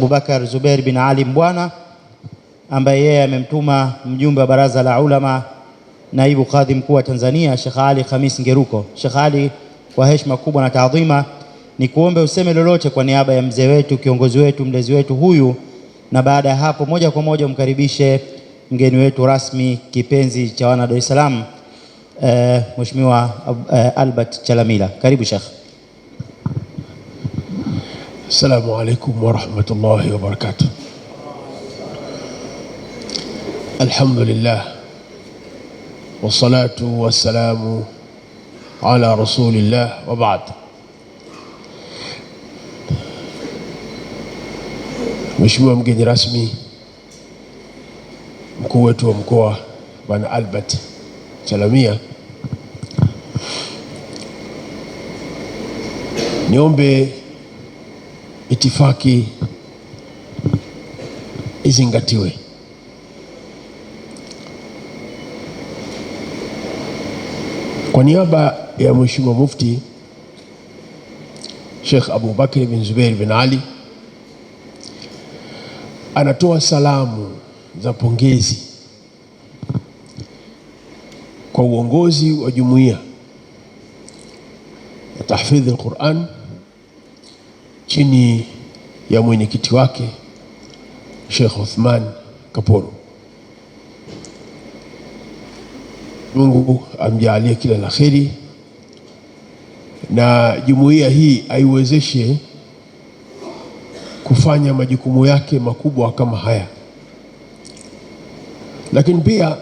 Abubakar Zubair bin Ali Mbwana ambaye yeye amemtuma mjumbe wa baraza la ulama naibu kadhi mkuu wa Tanzania Sheikh Ali Khamis Ngeruko. Sheikh Ali, kwa heshima kubwa na taadhima, ni kuombe useme lolote kwa niaba ya mzee wetu, kiongozi wetu, mlezi wetu huyu, na baada ya hapo moja kwa moja umkaribishe mgeni wetu rasmi, kipenzi cha wana Dar es Salaam, eh, Mheshimiwa eh, Albert Chalamila. Karibu Sheikh. السلام عليكم ورحمة الله وبركاته الحمد لله والصلاة والسلام على رسول الله وبعد مشموع mgeni رسمي مكوة ومكوة wa ألبت سلامية نيوم بي itifaki izingatiwe. Kwa niaba ya Mheshimiwa Mufti Sheikh Abubakar bin Zubair bin Ali anatoa salamu za pongezi kwa uongozi wa jumuiya ya tahfidhi al-Quran chini ya mwenyekiti wake Sheikh Othman Kaporo. Mungu amjaalie kila la kheri, na jumuiya hii aiwezeshe kufanya majukumu yake makubwa kama haya, lakini pia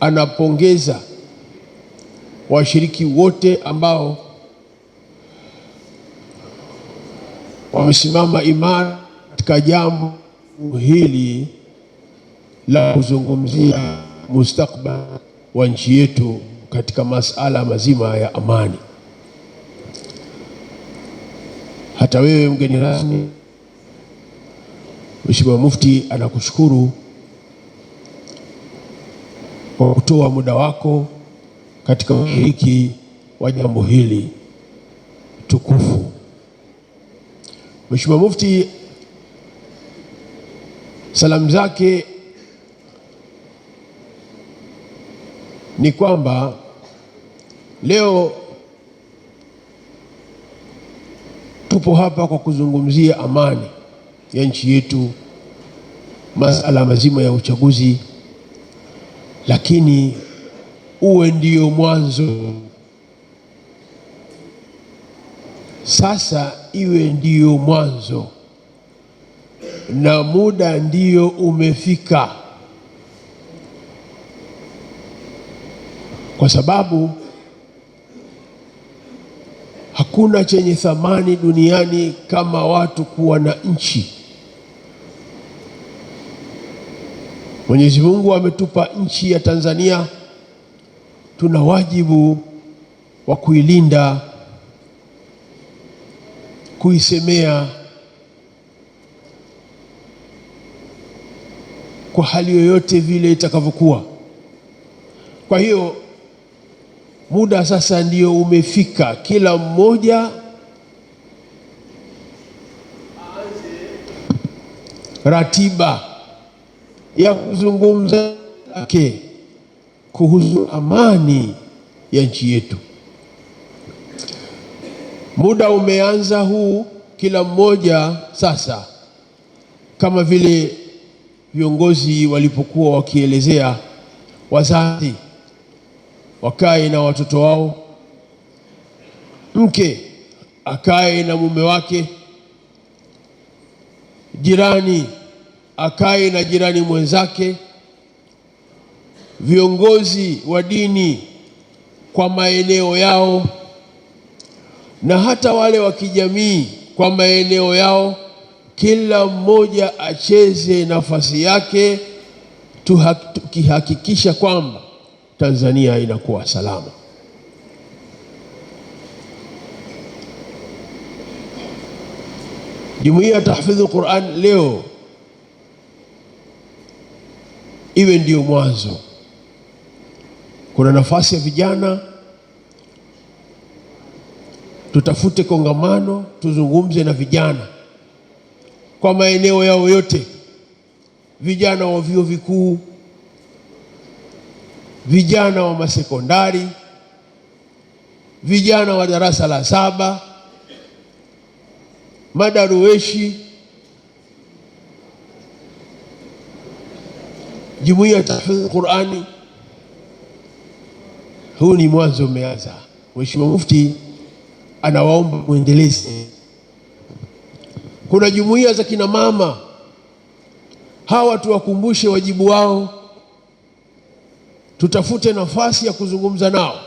anapongeza washiriki wote ambao wamesimama imara katika jambo hili la kuzungumzia mustakbal wa nchi yetu katika masala mazima ya amani. Hata wewe mgeni rasmi, Mheshimiwa Mufti anakushukuru kwa kutoa muda wako katika ushiriki wa jambo hili tukufu. Mheshimiwa Mufti, salamu zake ni kwamba leo tupo hapa kwa kuzungumzia amani ya nchi yetu, masala mazima ya uchaguzi, lakini uwe ndio mwanzo sasa iwe ndiyo mwanzo, na muda ndiyo umefika, kwa sababu hakuna chenye thamani duniani kama watu kuwa na nchi. Mwenyezi Mungu ametupa nchi ya Tanzania, tuna wajibu wa kuilinda kuisemea kwa hali yoyote vile itakavyokuwa. Kwa hiyo muda sasa ndio umefika, kila mmoja ratiba ya kuzungumza yake kuhusu amani ya nchi yetu. Muda umeanza huu, kila mmoja sasa, kama vile viongozi walipokuwa wakielezea, wazazi wakae na watoto wao, mke akae na mume wake, jirani akae na jirani mwenzake, viongozi wa dini kwa maeneo yao na hata wale wa kijamii kwa maeneo yao. Kila mmoja acheze nafasi yake, tukihakikisha kwamba Tanzania inakuwa salama. Jumuiya ya Quran leo iwe ndiyo mwanzo. Kuna nafasi ya vijana tutafute kongamano, tuzungumze na vijana kwa maeneo yao yote, vijana wa vyuo vikuu, vijana wa masekondari, vijana wa darasa la saba, madaruweshi, jumuiya ya tahfidhi Qurani. Huu ni mwanzo umeanza, Mheshimiwa Mufti anawaomba muendeleze. Kuna jumuiya za kina mama, hawa tuwakumbushe wajibu wao, tutafute nafasi ya kuzungumza nao.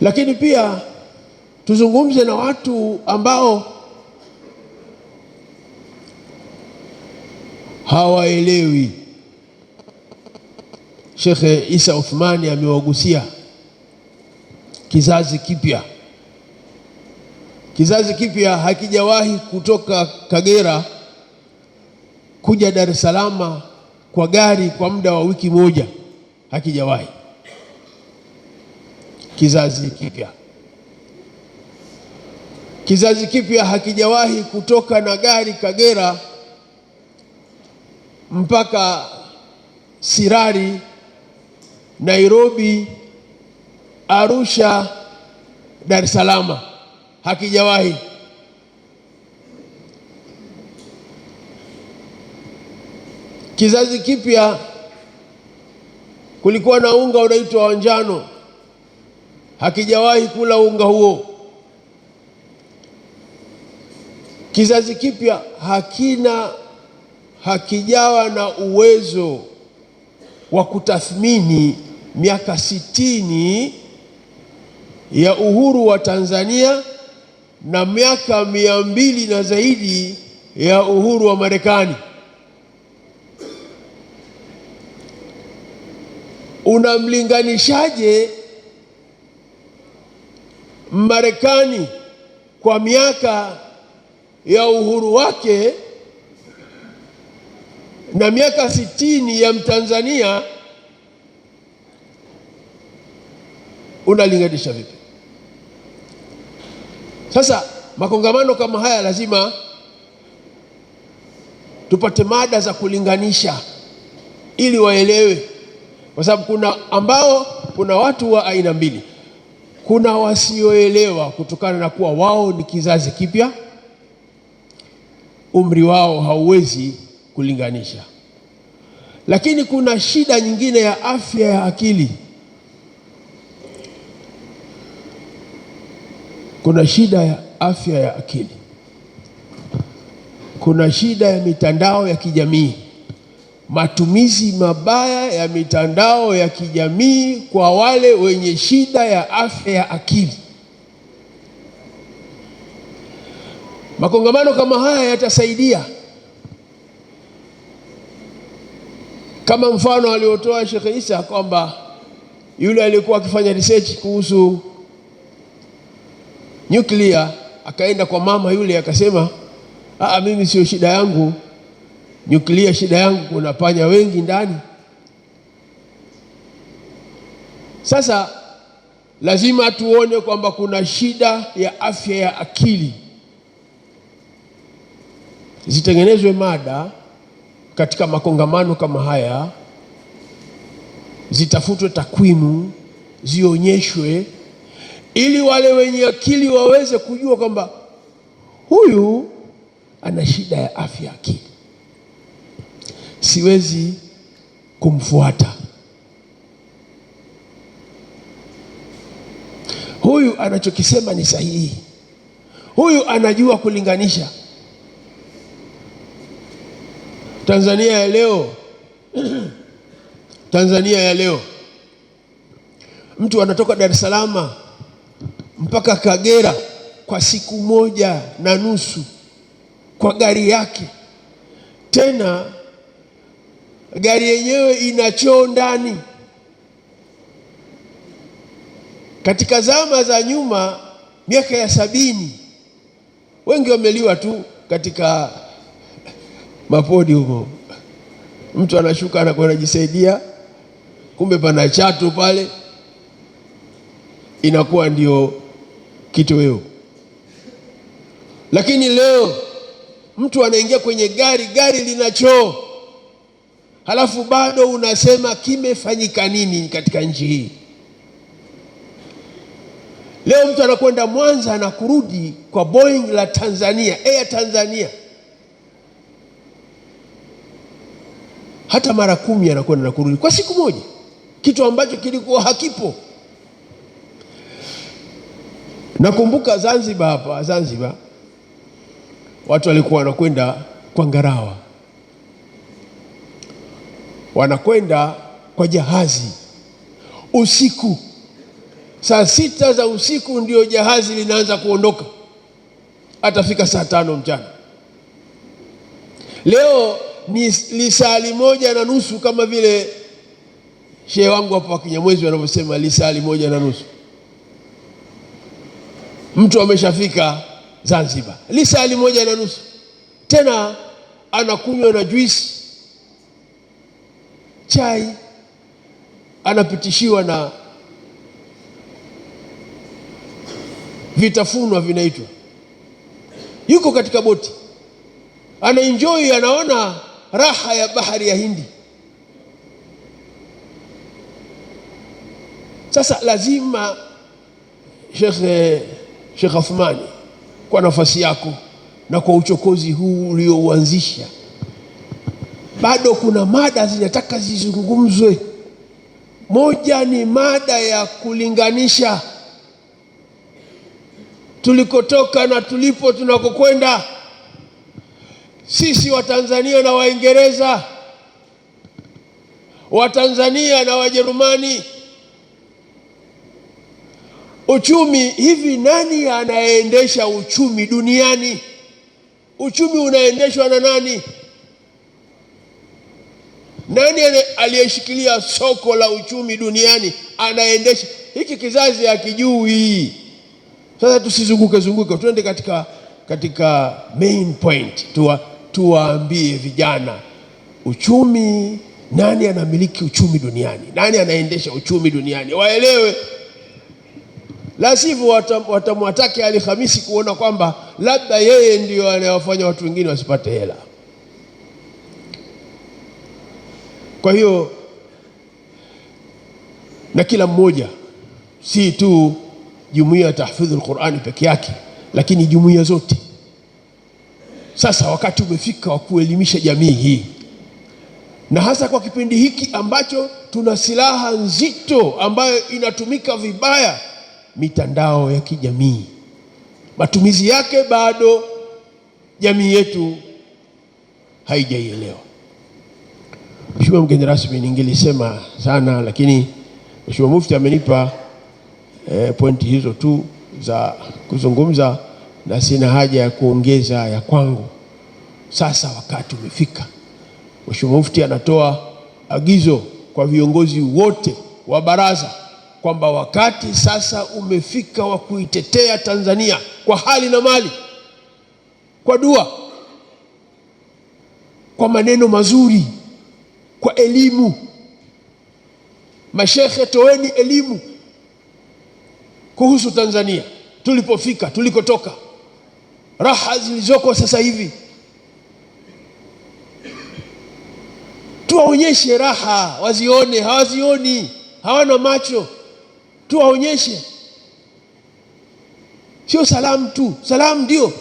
Lakini pia tuzungumze na watu ambao hawaelewi. Shekhe Isa Uthmani amewagusia kizazi kipya. Kizazi kipya hakijawahi kutoka Kagera kuja Dar es Salaam kwa gari kwa muda wa wiki moja, hakijawahi kizazi kipya. Kizazi kipya hakijawahi kutoka na gari Kagera mpaka Sirari, Nairobi Arusha, Dar es Salaam hakijawahi. Kizazi kipya kulikuwa na unga unaitwa wanjano, hakijawahi kula unga huo. Kizazi kipya hakina, hakijawa na uwezo wa kutathmini miaka sitini ya uhuru wa Tanzania na miaka mia mbili na zaidi ya uhuru wa Marekani. Unamlinganishaje Marekani kwa miaka ya uhuru wake na miaka sitini ya Mtanzania unalinganisha vipi? Sasa makongamano kama haya lazima tupate mada za kulinganisha ili waelewe, kwa sababu kuna ambao, kuna watu wa aina mbili. Kuna wasioelewa kutokana na kuwa wao ni kizazi kipya, umri wao hauwezi kulinganisha, lakini kuna shida nyingine ya afya ya akili Kuna shida ya afya ya akili, kuna shida ya mitandao ya kijamii. Matumizi mabaya ya mitandao ya kijamii kwa wale wenye shida ya afya ya akili. Makongamano kama haya yatasaidia, kama mfano aliotoa Sheikh Isa kwamba yule alikuwa akifanya research kuhusu nyuklia, akaenda kwa mama yule akasema, aa, mimi sio shida yangu nyuklia, shida yangu kuna panya wengi ndani. Sasa lazima tuone kwamba kuna shida ya afya ya akili, zitengenezwe mada katika makongamano kama haya, zitafutwe takwimu, zionyeshwe ili wale wenye akili waweze kujua kwamba huyu ana shida ya afya akili, siwezi kumfuata huyu, anachokisema ni sahihi, huyu anajua kulinganisha. Tanzania ya leo Tanzania ya leo, mtu anatoka Dar es Salaam mpaka Kagera kwa siku moja na nusu kwa gari yake. Tena gari yenyewe ina choo ndani. Katika zama za nyuma, miaka ya sabini, wengi wameliwa tu katika mapodi huko, mtu anashuka anakuwa anajisaidia, kumbe pana chatu pale, inakuwa ndio kitoweo. Lakini leo mtu anaingia kwenye gari, gari lina choo, halafu bado unasema kimefanyika nini katika nchi hii? Leo mtu anakwenda Mwanza na kurudi kwa Boeing la Tanzania, Air Tanzania, hata mara kumi anakwenda na kurudi kwa siku moja, kitu ambacho kilikuwa hakipo. Nakumbuka Zanzibar, hapa Zanzibar watu walikuwa wanakwenda kwa ngarawa, wanakwenda kwa jahazi usiku, saa sita za usiku ndio jahazi linaanza kuondoka, atafika saa tano mchana. Leo ni lisali moja na nusu, kama vile shehe wangu hapa Kinyamwezi wanavyosema lisali moja na nusu mtu ameshafika Zanzibar, lisali moja na nusu, tena anakunywa na juisi, chai, anapitishiwa na vitafunwa vinaitwa, yuko katika boti, ana enjoy, anaona raha ya bahari ya Hindi. Sasa lazima shekhe eh, Sheikh Athmani, kwa nafasi yako na kwa uchokozi huu uliouanzisha, bado kuna mada zinataka zizungumzwe. Moja ni mada ya kulinganisha tulikotoka na tulipo tunakokwenda, sisi Watanzania na Waingereza, Watanzania na Wajerumani Uchumi hivi, nani anaendesha uchumi duniani? Uchumi unaendeshwa na nani? Nani aliyeshikilia soko la uchumi duniani? Anaendesha hiki kizazi hakijui. Sasa tusizunguke zunguke, tuende katika, katika main point. Tuwa, tuwaambie vijana uchumi, nani anamiliki uchumi duniani? Nani anaendesha uchumi duniani? Waelewe la sivyo watamwatake Ali Khamisi kuona kwamba labda yeye ndiyo anayewafanya watu wengine wasipate hela. Kwa hiyo na kila mmoja, si tu jumuiya ya tahfidhul Qurani peke yake, lakini jumuiya zote. Sasa wakati umefika wa kuelimisha jamii hii, na hasa kwa kipindi hiki ambacho tuna silaha nzito ambayo inatumika vibaya mitandao ya kijamii. Matumizi yake bado jamii yetu haijaielewa. Mheshimiwa mgeni rasmi, ningelisema sana lakini Mheshimiwa Mufti amenipa e, pointi hizo tu za kuzungumza na sina haja ya kuongeza ya kwangu. Sasa wakati umefika, Mheshimiwa Mufti anatoa agizo kwa viongozi wote wa baraza kwamba wakati sasa umefika wa kuitetea Tanzania kwa hali na mali, kwa dua, kwa maneno mazuri, kwa elimu. Mashekhe, toeni elimu kuhusu Tanzania tulipofika, tulikotoka, raha zilizoko sasa hivi. Tuwaonyeshe raha, wazione. Hawazioni, hawana macho tuwaonyeshe, sio salamu tu. Salamu ndio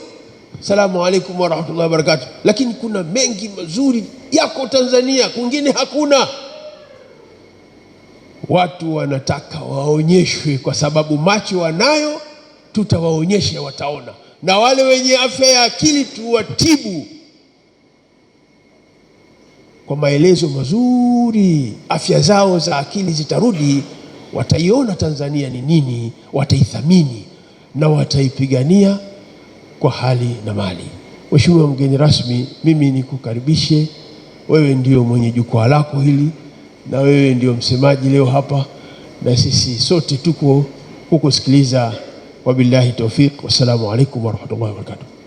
salamu alaikum warahmatullahi wabarakatuh, lakini kuna mengi mazuri yako Tanzania, kwingine hakuna. Watu wanataka waonyeshwe, kwa sababu macho wanayo, tutawaonyesha wataona, na wale wenye afya ya akili tuwatibu kwa maelezo mazuri, afya zao za akili zitarudi wataiona Tanzania ni nini, wataithamini na wataipigania kwa hali na mali. Mheshimiwa mgeni rasmi, mimi nikukaribishe wewe, ndio mwenye jukwaa lako hili na wewe ndio msemaji leo hapa, na sisi sote tuko kukusikiliza. Wabillahi tawfiq, wassalamu alaikum warahmatullahi wabarakatuh.